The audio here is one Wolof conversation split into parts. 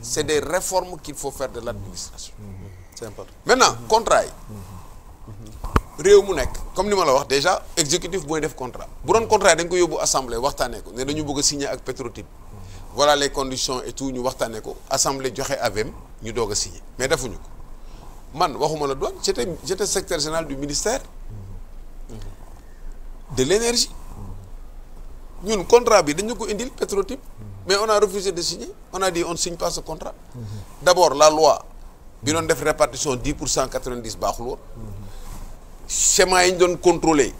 c'est des réformes qu'il faut faire de l'administration mhm. c'est important maintenant contrat yi réew mu nekk comme ni ma la wax déjà exécutif booy def contrat bu doon contrat yi dañ ko yóbbu assemblée waxtaane ko ne dañu bëgg a signer ak Petrotim voilà les conditions et tout ñu waxtaanee ko assemblée joxe avem ñu doog a signer mais defuñu ko man waxuma la doon j'étais j'étais secrétaire général du ministère de l'énergie ñun contrat bi dañu ko indil Petrotim mais on a refusé de signer on a dit on ne signe pas contrat. d'abord la loi bi doon def répartition dix pour cent quatre vingt dix baaxul woon. schéma yi ñu doon contrôler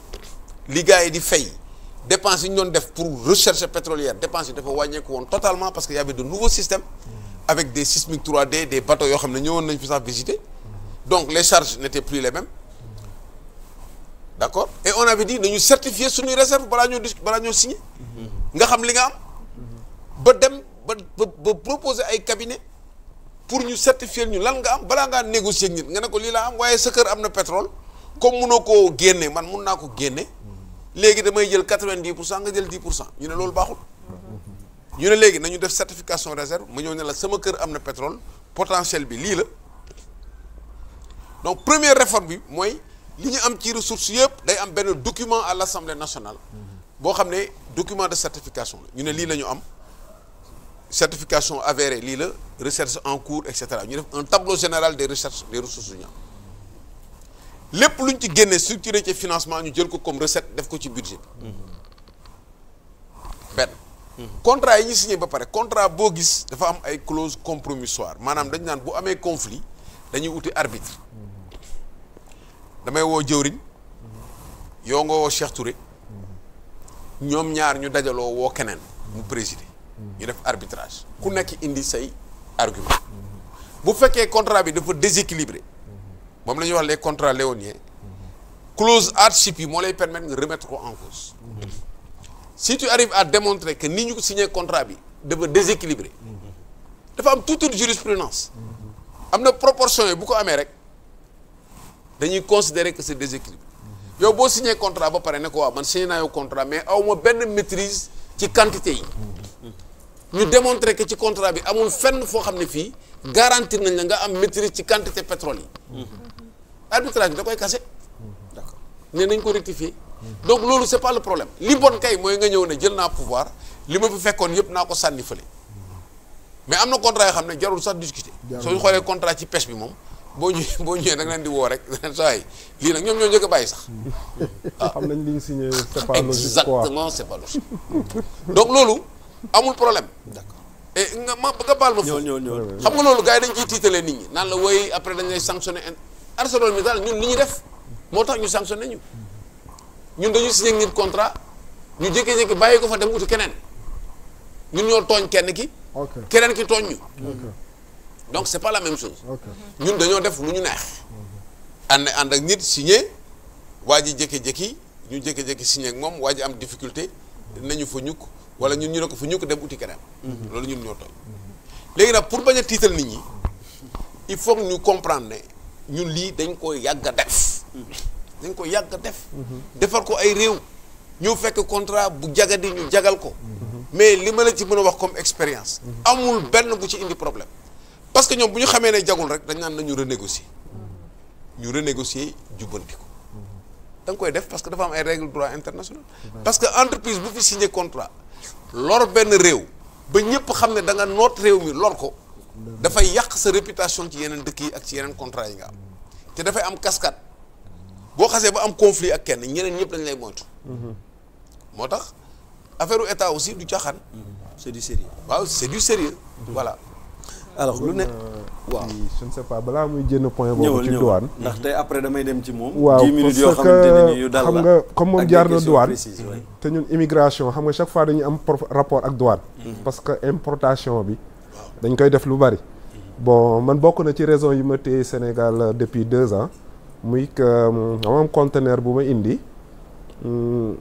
li gars yi di fay dépenses yi ñu doon def pour recherche pétrolière dépenses yi dafa wàññeeku woon totalement parce que y avait de nouveaux systèmes. avec des sismiques 3D des bateaux yoo xam ne ñëwoon nañ fi sax visiter. donc les charges n'étaient plus les mêmes. d'accord et on avait dit nañu certifier suñuy réserve balaa ñoo dis balaa ñoo signer. nga xam li nga ba dem ba ba proposer ay cabinet pour ñu certifier ñu lan nga am balaa ngaa négocier nit nga ne ko lii laa am waaye sa kër am na pétrole comme munoo koo génne man mun naa ko génne léegi damay jël quatre-vingt-dix pour cent nga jël dix pour cent ñu ne loolu baaxul ñu ne léegi nañu def certification réserve ma ñëw ne la sama kër am na pétrole potentiel bi lii la donc première réforme bi mooy li ñu am ci ressource yëpp day am benn document à l'Assemblée nationale boo xam ne document de certification ñu ne lii la ñu am certification avérée lii la recherche en cours et cetera ñu def un tableau général des recherches des ressources humaines lépp lu luñ ci génne structuré ci financement ñu jël ko comme recette def ko ci budget bi benn contrat yi ñu signé ba pare contrat boo gis dafa am ay clause compromissoire maanaam dañu naan bu amee conflit dañuy wuti arbitre damay woo jëwriñ yoo nga woo Cheikh Touré ñoom ñaar ñu dajaloo woo keneen mu présider ñu def arbitrage ku nekk indi say argument bu fekkee contrat bi dafa déséquilibré moom la ñuy wax les contrats léoniens clause hardship yi moo lay permettre nga remettre ko en cause si tu arrives à démontrer que ni ñu ko signé contrat bi dafa déséquilibré dafa am toute une jurisprudence am na proportion yi bu ko amee rek dañuy considérer que c'est déséquilibré yow boo signé contrat ba pare ne ko waaw man signé naa yow contrat mais aw ma benn maîtrise ci quantité yi ñu démontrer que ci contrat bi amul fenn foo xam ne fii garantir nañ la nga am maîtrise ci quantité pétrole yi. arbitrage bi da koy kase. d'accord ne nañ ko rectifier. donc loolu c'est pas le problème li bon kay mooy nga ñëw ne jël naa pouvoir li ma fi fekkoon yëpp naa ko sànni fële. mais am na contrat yoo xam ne jarul sax discuter. soo ñu xoolee contrat ci pêche bi moom. boo ñëwee boo ñëwee da nga leen di woo rek saa yi lii nag ñoom ñoo njëkk a bàyyi sax. xam nañ li ñu signé c'est pas logique quoi exactement c'est loolu. amul problème. d'accord et nga ma nga baal ma. ñëw ñëw xam nga loolu gars yi dañ ciy tiitalee nit ñi naan la woy après dañ lay sanctionné ArcelorMittal ñun li ñu def moo tax ñu sanctionné ñu ñun dañu signé nit contrat ñu jékki-jékki bàyyi ko fa dem uti keneen ñun ñoo tooñ kenn ki. keneen ki tooñ ñu. donc c'est pas la même chose. ñun dañoo def lu ñu neex. ànd ànd ak nit signé waa ji jékki-jékki ñu jékki-jékki signé ak moom waa ji am difficulté nañu fa ñukk wala ñun ñu ne ko fu ñu ko dem uti keneen. loolu ñun ñoo tooñ. léegi nag pour bañ a tiital nit ñi il faut ñu comprendre ne ñun lii dañ ko yàgg a def. dañ ko yàgg def. defar ko ay réew. ñu fekk contrat bu jagadi ñu jagal ko. mais li ma la ci mën a wax comme expérience. amul benn bu ci indi problème. parce que ñoom bu ñu xamee ne jagul rek dañ naan nañu renégocier. ñu renégocier jubbanti ko. da koy def parce dafa am ay règles droit international. parce que entreprise bu fi signé contrat. lor benn réew ba ñëpp xam ne danga nga noot réew mi lor ko dafay yàq sa réputation ci yeneen dëkk yi ak ci yeneen contrat yi nga am te dafay am cascade boo xasee ba am conflit ak kenn ñeneen ñëpp dañ lay moytu. moo tax affaire u état aussi du caaxaan. c'est du sérieux waaw c'est du sérieux voilà. alors lu ne euh, waaw je ne balaa muy jënd point boobu ci douane ndax tey après damay dem ci moom waaw parce que xam nga comme moom jaar na douane te ñun immigration xam nga chaque fois dañu am rapport ak douane mhm. parce que importation bi dañ koy def lu bari mhm. bon man bokk na ci raison yi ma téye Sénégal euh, depuis deux ans muy que dama euh, am conteneur bu ma indi mm,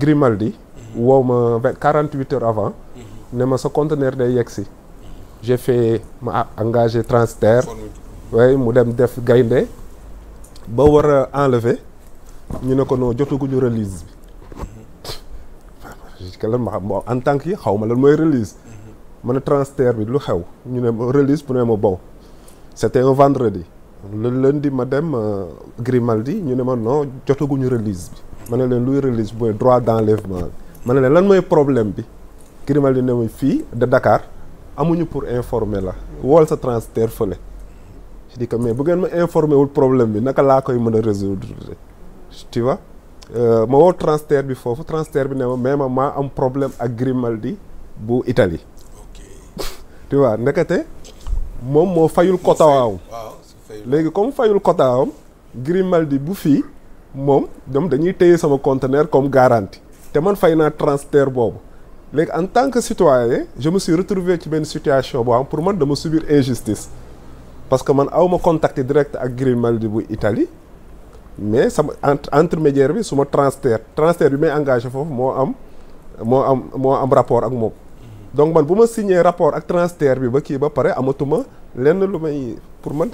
Grimaldi mhm. woow ma quarante huit heures avant ne ma sa conteneur day yegg si j'ai fait ma engagé transitaire waaye mu dem def gaynde ba war a enlever ñu ne ko noo jotaguñu release bi la ma xam bon en tant que xaw ma la mooy release ma ne transitaire bi lu xew ñu ne release bu ne ma bon c'était un vendredi leen di ma dem euh, Grimaldi ñu ne ma non jotaguñu release bi ma ne leen luy release mooy droit d'enlèvement bi ma ne leen lan mooy problème bi Grimaldi ne ma fii de Dakar amuñu pour informer la wool sa transfert fële je que mais bu ngeen ma informer wul problème bi naka laa koy mën a résoudre tu vois euh, ma woo transfert bi foofu transfert bi ne ma mais ma maa am problème ak Grimaldi bu Italie ok tu ndekete moom moo fayul kotaawam léegi comme fayul kotaawam Grimaldi bu fii moom ñoom dañuy téye sama conteneur comme garantie te man fay naa transfert boobu léegi en tant que citoyen je me suis retrouvé ci benn situation boo xam pour man dama subir injustice parce que man awma contact direct ak Grimaldi bu Italie mais sama intermédiaire bi su ma transfert transfert bi may engagé foofu moo am moo am moo am rapport ak moom donc man bu ma signé rapport ak transfert bi ba kii ba pare amatuma lenn lu may pour man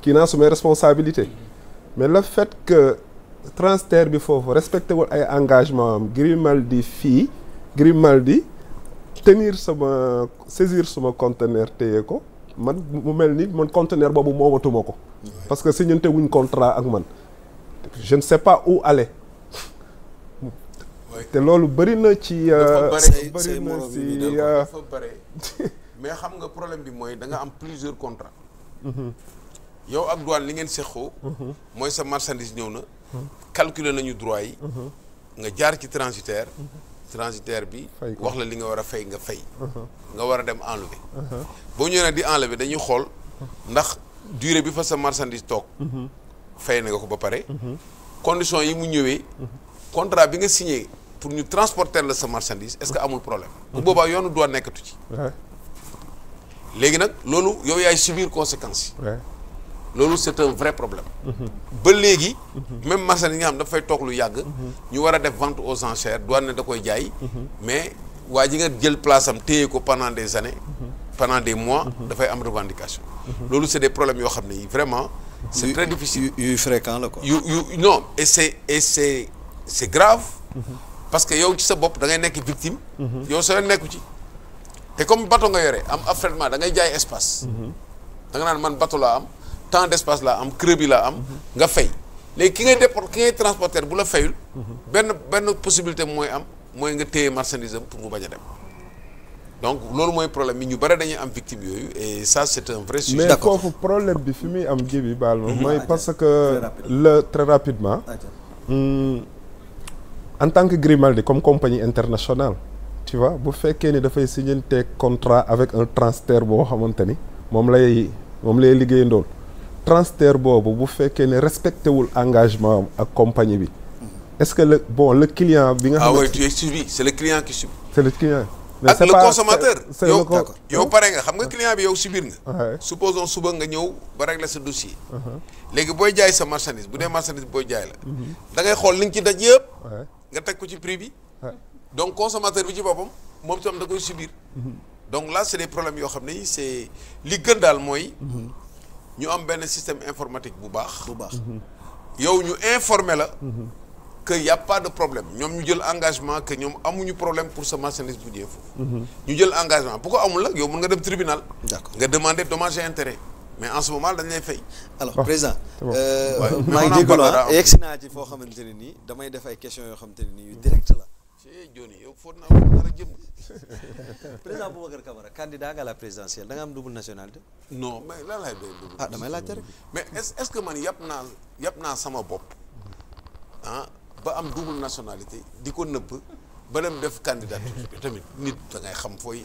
kii naa su may responsabilité mais le fait que transfert bi foofu respecté wul ay engagement am Grimaldi fii Grimaldi tenir sama saisir sama conteneur téye ko man mu mel ni man conteneur boobu moomatuma ko. parce que si ñun te wuñ contrat ak man. je ne sais pas où aller. te loolu bëri na ci. Euh, bëri na ci euh, dafa mais xam nga problème bi mooy da nga am plusieurs contrats. Mhm. yow ak douane li ngeen seqoo. Mhm. mooy sa marchandise ñëw na. Mhm. calculer nañu droit yi. nga jaar ci transitaire. transitaire bi. wax la li nga war a fay nga fay. Uh-huh. nga war a dem enlever. Uh-huh. boo ñëwee nag di enlever dañuy xool ndax durée bi fa sa marchandise toog. Uh-huh. fay na nga ko ba pare. condition yi mu ñëwee. contrat bi nga signé pour ñu transporter la sa marchandise est-ce que amul problème. bu boobaa yoonu doon nekkatu ci. léegi nag loolu yow yaay subir conséquence loolu c'est un vrai problème. ba léegi. même marché yi nga xam dafay toog lu yàgg. ñu war a def vente aux enchères douane ne da koy jaay. mais waa ji nga jël place am téye ko pendant des années. pendant des mois. dafay am revendication. loolu c'est des problèmes yoo xam ne vraiment. c'est très difficile yu fréquent la quoi. yu yu non et c'est et c'est c'est grave. parce que yow ci sa bopp dangay ngay nekk victime. yow soo nekku ci. te comme bateau nga yore am affrètement da ngay jaay espace. da nga man bateau laa am. tant d' espace laa am creux laa am. nga fay léegi ki ngay déport ki ngay transporteur bu la fayul. benn benn possibilité mooy am mooy nga téye marchandise pour mu bañ a dem. donc loolu mooy problème bi ñu bare dañuy am victime yooyu et ça c' mais foofu problème bi fi muy am ji bi baal ma mooy ah, parce que le très rapidement. Ah, hmm, en tant que Grimaldi comme compagnie internationale. tu vois bu fekkee ni dafay signer contrat avec un transitaire boo xamante ni moom lay moom lay liggéeyandool transfert boobu bu fekkee ne respecté wul engagement ak compagnie bi est-ce que le bon la client bi nga xam ne ah oui tu es suivi c'est le client qui subit c'est le client yow yow pare nga xam nga client bi yow subir nga supposons suba nga ñëw ba régler sa dossier uh-huh. léegi booy jaay sa marchandise bu dee marchandise booy jaay la mm-hmm. da ngay xool li nga ci daj yëpp nga teg ko ci prix bi donc consommateur bi ci boppam moom itam da koy subir mm-hmm. donc là c'est des problèmes yoo xam ne c'est li gën daal mooy mm-hmm. ñu am benn système informatique bu baax. bu baax mm-hmm. yow ñu informé la. Mm-hmm. que y' a pas de problème ñoom ñu jël engagement que ñoom amuñu problème pour sa marchandise bu jee foofu. Mm-hmm. ñu jël engagement bu ko amul nag yow mën nga dem tribunal. d'accord nga demander dommage et mais en ce moment dañ lay fay. alors président. Euh, maa ngi jégalu ah yegsi naa ci foo xamante ne nii damay def ay questions yoo xamante ne nii yu direct la. eh Johnny yow foog naa ko nar a jëm. président Boubacar Camara candidat à la présidentielle da am double nationalité. non mais lan laay doon double. ah damay laajte rek. mais est est-ce que man yàpp naa yàpp naa sama bopp ah, ba am double nationalité di ko nëbb ba dem def candidature tamit nit da xam fooy.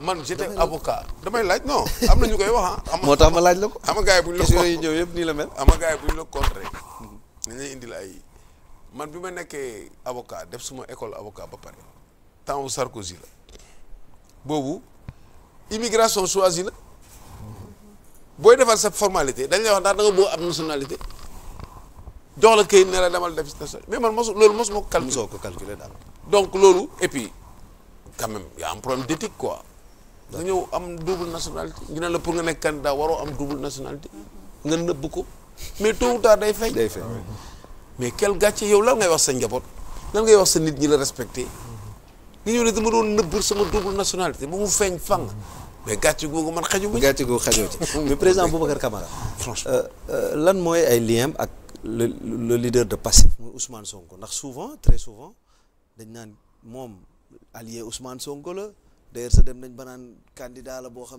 man j'étais avocat damay laaj non am na ñu koy wax ah. am moo tax ma laaj la ko. ama gars yi bu ñu la ko question yi ñëw yëpp nii la mel. ama gars yi bu ñu la contrer. nañ man bi ma nekkee avocat def suma école avocat ba pare temps wu Sarkozy la boobu immigration choisie la booy defar sa formalité dañ wax ndax da nga am nationalité jox la këyit ne la demal def mais man mosu loolu mosuma ko calculer. ko calculer daal. donc loolu et puis quand même y a un problème d'éthique quoi. nga ñëw am double nationalité ñu ne la pour nga nekk candidat waroo am double nationalité. nga nëbb ko mais tôt ou tard day feeñ. day feeñ. mais quel gàcce yow lan ngay wax sa njaboot lan ngay wax sa nit ñi la respecté nga ñëw ne dama doon nëbbal sama double nationalité bu mu feeñ fang. mais gàcce googu man xaju ma. gàcce googu xajoo ci mais président Boubacar Camara. franchement euh, euh, lan mooy ay liens ak le le leader de Pastef muy Ousmane Sonko ndax souvent très souvent dañ naan moom allié Ousmane Sonko la d'ailleurs sa dem nañ ba naan candidat la boo xam.